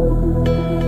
Thank you.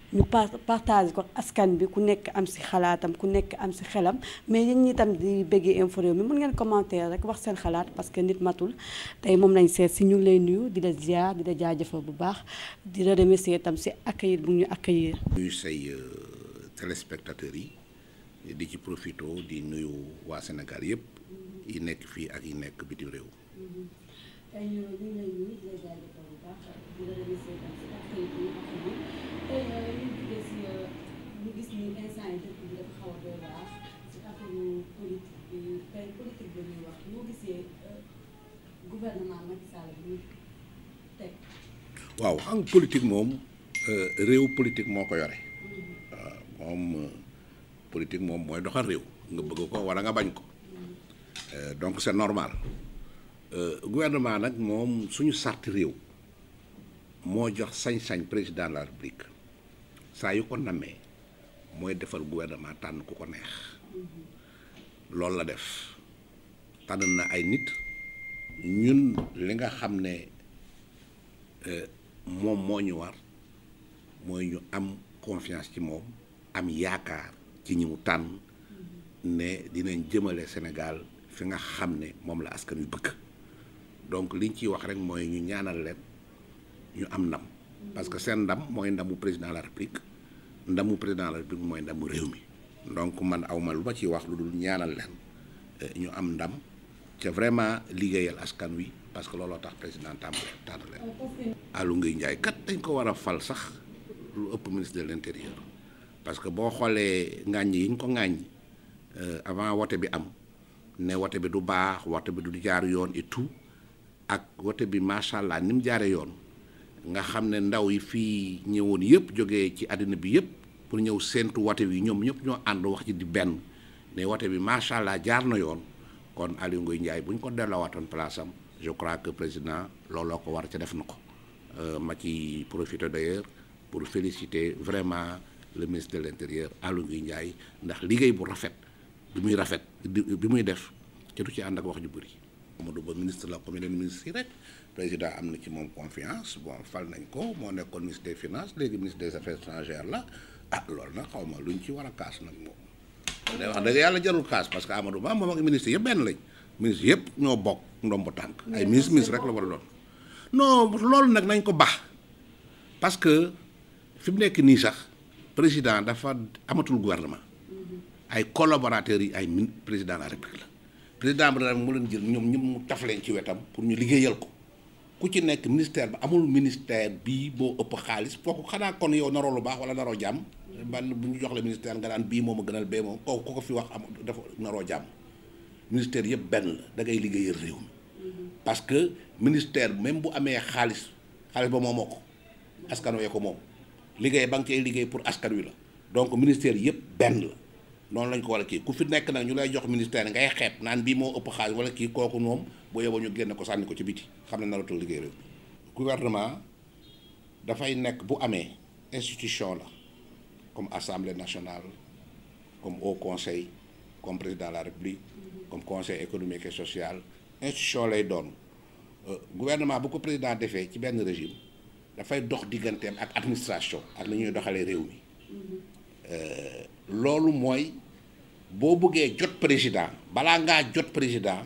ñu partage ko askan bi ku nekk am si xalaatam ku nekk am si xelam mais yéen ñi tam di bëggee info Rewmi mën ngeen commentaire rek wax seen xalaat parce que nit matul tey moom lañ seet si ñu lay nuyu di la ziar di la jaajëfal bu baax di la remercier tam si accueillir bu ñu accueillir. nuyu say euh, téléspectateurs yi di ci profito di nuyu waa Sénégal yëpp yi nekk fii ak yi nekk bitim réew. Mm-hmm. Euh, waaw xang politique moom eh, réew politique moo ko yore ah, moom eh, politique moom mooy doxal réew nga bëgg ko wala nga bañ ko eh, donc c'est normal gouvernement nag moom suñu sart réew moo jox sañ-sañ président de la république saa yu ko namee mooy defal gouvernement tànn ku ko neex loolu la def tànn na ay nit ñun li nga xam ne mom moo ñu war moy ñu am confiance ci mom am yaakar ci ñimu tan ne dinañ jëmele Sénégal fi nga xam ne la askan wi bëgg donc liñ ci wax rek moy ñu ñaanal leen ñu am ndam parce que sen ndam moy ndamu président de la république ndamu président de la république moy ndamu réew mi donc man awma lu ba ci wax lu dul ñaanal leen eh, ñu am ndam vraiment liggéeyal askan wi parce que lolo tax président tàmbale tànn Aly Ngouille Ndiaye kat dañ ko wara fal sax lu ëpp ministre de l'intérieur parce que bo xolé yi ko euh avant wote bi am ne wote bi du baax wote bi du jaar yoon et tout ak wote bi machallah nim jaaré yoon nga xamné ndaw yi fi ñewoon yépp joggé ci aduna bi yépp pour ñew sentu wote wi ñom ñep ñoo and wax ci di ben ne wote bi machallah jaar na yoon kon Aly Ngouille Ndiaye buñ ko delloowatoon place am je crois que président ko war ci def nako Euh, ma ci profité d'ailleurs pour féliciter vraiment le ministre de l'intérieur Aly Ngouille Ndiaye ndax liggéey bu rafet bi muy rafet bi muy def te du ci ànd ak wax ju bëri. Amadou Ba ministre la comme yeneen ministre yi na ci moom confiance bon fal nañ ko moo nekkoon ministre des finances léegi ministre des affaires étrangères la ah loolu xaw ma luñ ci war a kaas nag moom. day wax dëgg yàlla jarul kaas parce que Amadou Ba moom ak ministre yëpp benn lañ ministre yëpp ñoo bokk ndombo tànk ay ministre ministre rek la war a doon. non loolu nag nañ ko baax parce que fi mu nekk nii sax président dafa amatul gouvernement ay collaborateurs yi ay min président de la république la président bi mu leen jël ñoom ñëpp mu taf leen ci wetam pour ñu liggéeyal ko ku ci nekk ministère ba amul ministère bii boo ëpp xaalis kooku xanaa kon yow naroo lu baax wala naroo jàmm bann bu ñu jox la ministère nga naan bii moom a gënal bee moom kooku ko fi wax am dafa naroo jàmm ministère yëpp benn la da ngay liggéeyal ministère même bu amé xaliss xaliss ba moomoo ko askan wee ko mom liggéey banque nga liggéey pour askan wi la donc ministère yep ben la non lañ ko wala ki kii ku fi nek nak ñu lay jox ministère ngay xép naan bi mo ëpp xaalis wala ki koku moom bu yeboo ñu genn ko sanni ko ci biti xam ne naratul liggéey rek gouvernement fay nek bu amé institution la comme assemblée nationale comme haut conseil comme président de la république comme conseil économique et social institution lay don. Euh, gouvernement bu ko président defee ci benn régime dafay dox digganteem ak administration ak la ñuy doxalee réew mi euh, loolu mooy boo bëggee jot président balaa ngaa jot président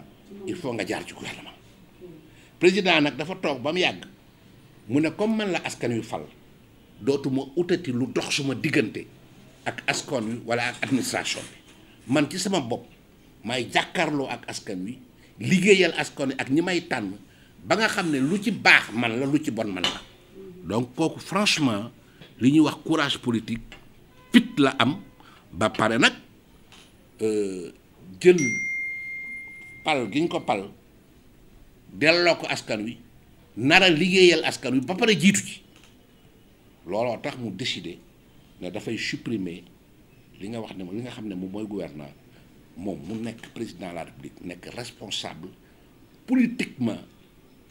il faut nga jaar ci gouvernement président nag dafa toog ba mu yàgg mu ne comme man la askan wi fal dootuma utati lu dox suma diggante ak askan wi wala ak administration bi man ci sama bopp may jàkkaarloo ak askan wi liggéeyal askan wi ak ñi may tànn ba nga xam ne lu ci baax man la lu ci bon man la donc kooku franchement li ñuy wax courage politique fit la am ba pare nag euh, jël pal gi ñu ko pal delloo ko askan wi nara liggéeyal askan wi ba pare jiitu ci looloo tax mu décidé ne dafay supprimer li nga wax ne li nga xam ne moom mooy gouverneur moom mu nekk président de la république nekk responsable politiquement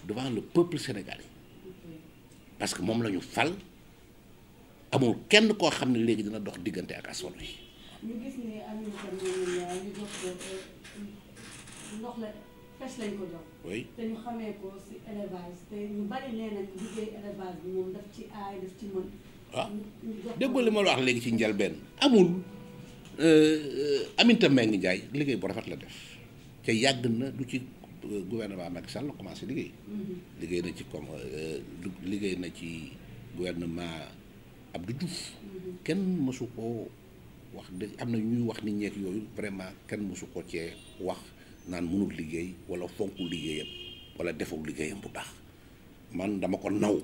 devant le peuple sénégalais parce que moom la ñu fal amul kenn koo xam ne léegi dina dox diggante ak askan wi. ñu gis ne Aminata Mbengue Ndiaye léegi ci njëlbeen amul euh, euh, Aminata Mbengue Ndiaye liggéey bu rafet la def te yàgg na du ci. gouvernement Macky Sall la commencé liggéey. Mm-hmm. liggéey na ci comme euh, liggéey na ci gouvernement Abdou Diouf. Mm-hmm. kenn mësu koo wax de am na ñuy wax ni ñeek yooyu vraiment kenn mësu ko cee wax naan mënul liggéey wala fonkul liggéeyam wala deful liggéeyam bu tax man dama ko naw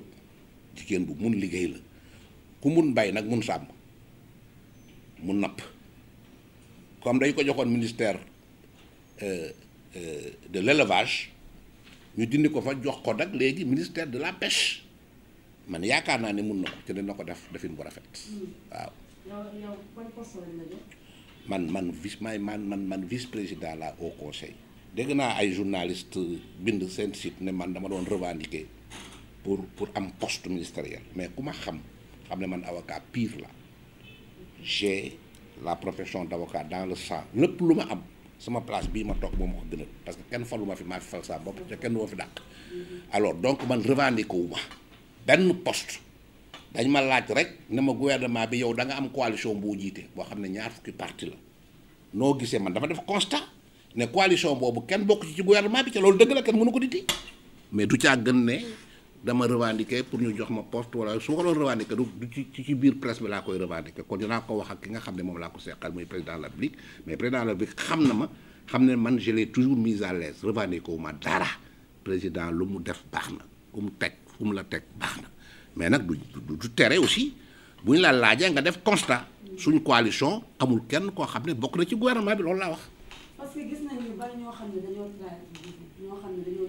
jigéen bu mun liggéey la ku mun bay nag mun sàmm mu napp comme dañ ko joxoon ministère. Euh, Euh, de l'élevage ñu dindi ko fa jox ko nag léegi ministère de la pêche man yaakaar naa ne mun na ko te dina ko def dafin bu rafet waaw man man vice may man man man vice président la au conseil dégg naa ay journaliste bind seen site ne man dama doon revendiquer pour pour am poste ministériel mais ku ma xam xam man avocat pire la j'ai la profession d'avocat dans le sang lépp lu ma am sama place bii ma toog moom ma ko gënal parce que kenn falu ma fi maa fi fal saa bopp te kenn du ma fi dàq alors donc man revendiqué wu ma benn post dañ ma laaj rek ne ma gouvernement bi yow da nga am coalition boo jiite boo xam ne ñaar fukki parti la noo gisee man dafa def constat ne coalition boobu kenn bokk ci ci gouvernement bi ca loolu dëgg la kenn mënu ko diti mais du caa gën ne dama revendiqué pour ñu jox ma poste wala su ma ko doon revendiquer du ci ci biir presse bi laa koy revendiqué kon dinaa ko wax ak ki nga xam ne moom laa ko seqal muy président de la République mais président de la République xam na ma xam ne man je l'ai toujours mise à l'aise revendiquer wu ma dara président lu mu def baax na ku mu teg fu mu la teg baax na mais nag du du tere aussi bu ñu la laajee nga def constat suñ coalition amul kenn koo xam ne bokk na ci gouvernement bi loolu laa wax. parce que gis nañu bari ñoo xam ne dañoo ñoo xam ne dañoo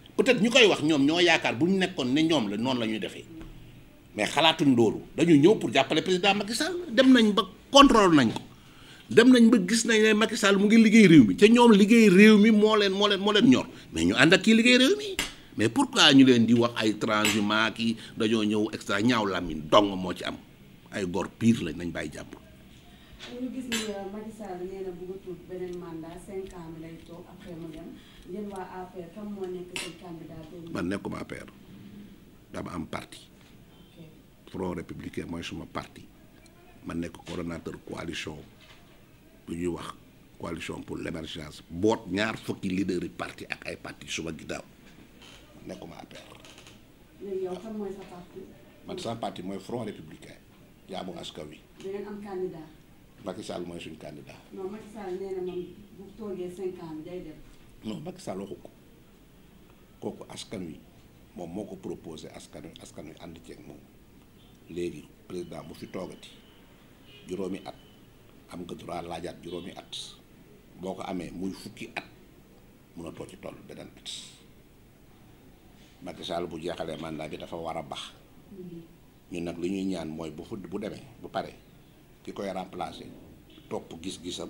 peut-être ñu koy wax ñoom ñoo yaakaar bu ñu nekkoon ne ñoom la noonu la ñuy defee mais xalaatuñ loolu dañu ñëw pour jappalé président Macky Sall dem nañ ba contrôle nañ ko dem nañ ba gis nañ ne Macky Sall mu ngi liggéey réew mi té ñom liggéey réew mi mo leen mo leen mo leen ñor mais ñu and ak kii liggéey réew mi mais pourquoi ñu leen di wax ay transhumant ki dañu ñëw extra ñaaw lamine dong mo ci am ay gor pire lañ nañ bàyyi japp ñu gis ni euh, Macky Sall nee na bëggatul benen mandat 5 ans lay tok après mu dem. man nekkuma APR dama am parti. front républicain mooy suma parti man nekk coordonnateur coalition bu ñuy wax coalition pour l'émergence boot ñaar fukki leader parti ak ay parti suma ginnaaw man nekkuma APR. parti. man sa parti mooy front républicain jaamu askan wi. da am candidat. Macky mooy suñu candidat. non Macky Sall bu toogee cinq ans day def. non Macky Sall waxu ko kooku askan wi moom moo ko proposé askan wi askan wi ànd ceeg moom léegi président bu fi toogati juróomi at am nga droit laajaat juróomi at boo ko amee muy fukki at mënatoo ci toll beneen at Macky bu jeexalee mandat bi dafa war a bax ñu nag lu ñuy ñaan mooy bu fu bu demee bu pare ki koy remplacer topp gis-gisam.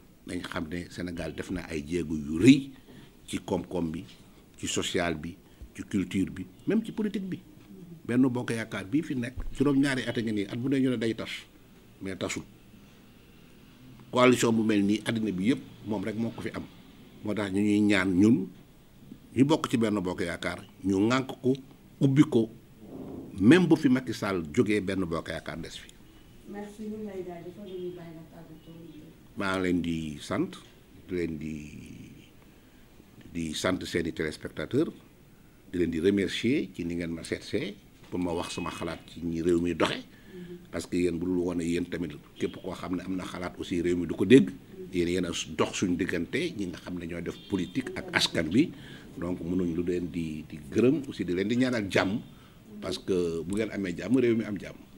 dañ xam ne Sénégal def na ay jéego yu rëy ci koom-koom bi ci social bi ci culture bi même ci politique bi benn bokk yaakaar bii fi nekk juróom-ñaari at a ngi nii at bu ne ñu day tas mais tasul coalition bu mel nii àddina bi yëpp moom rek moo ko fi am moo tax ñu ñuy ñaan ñun ñu bokk ci benn bokk yaakaar ñu ŋànk ko ubbi ko même bu fi Macky Sall jógee benn bokk yaakaar des fi. maa leen di sant di leen di di sant seeni téléspectateur di leen di remercier ci ni ngeen ma seetsee pour ma wax sama xalaat ci ñi réew mi doxe parce que yéen bu dul woon yéen tamit képp koo xam ne am na xalaat aussi réew mi du ko dégg yéen yéen a dox suñu diggante ñi nga xam ne ñoo def politique ak askan bi donc mënuñ lu leen di di gërëm aussi di leen di ñaanal jàmm parce que bu ngeen amee jàmm réew mi am jàmm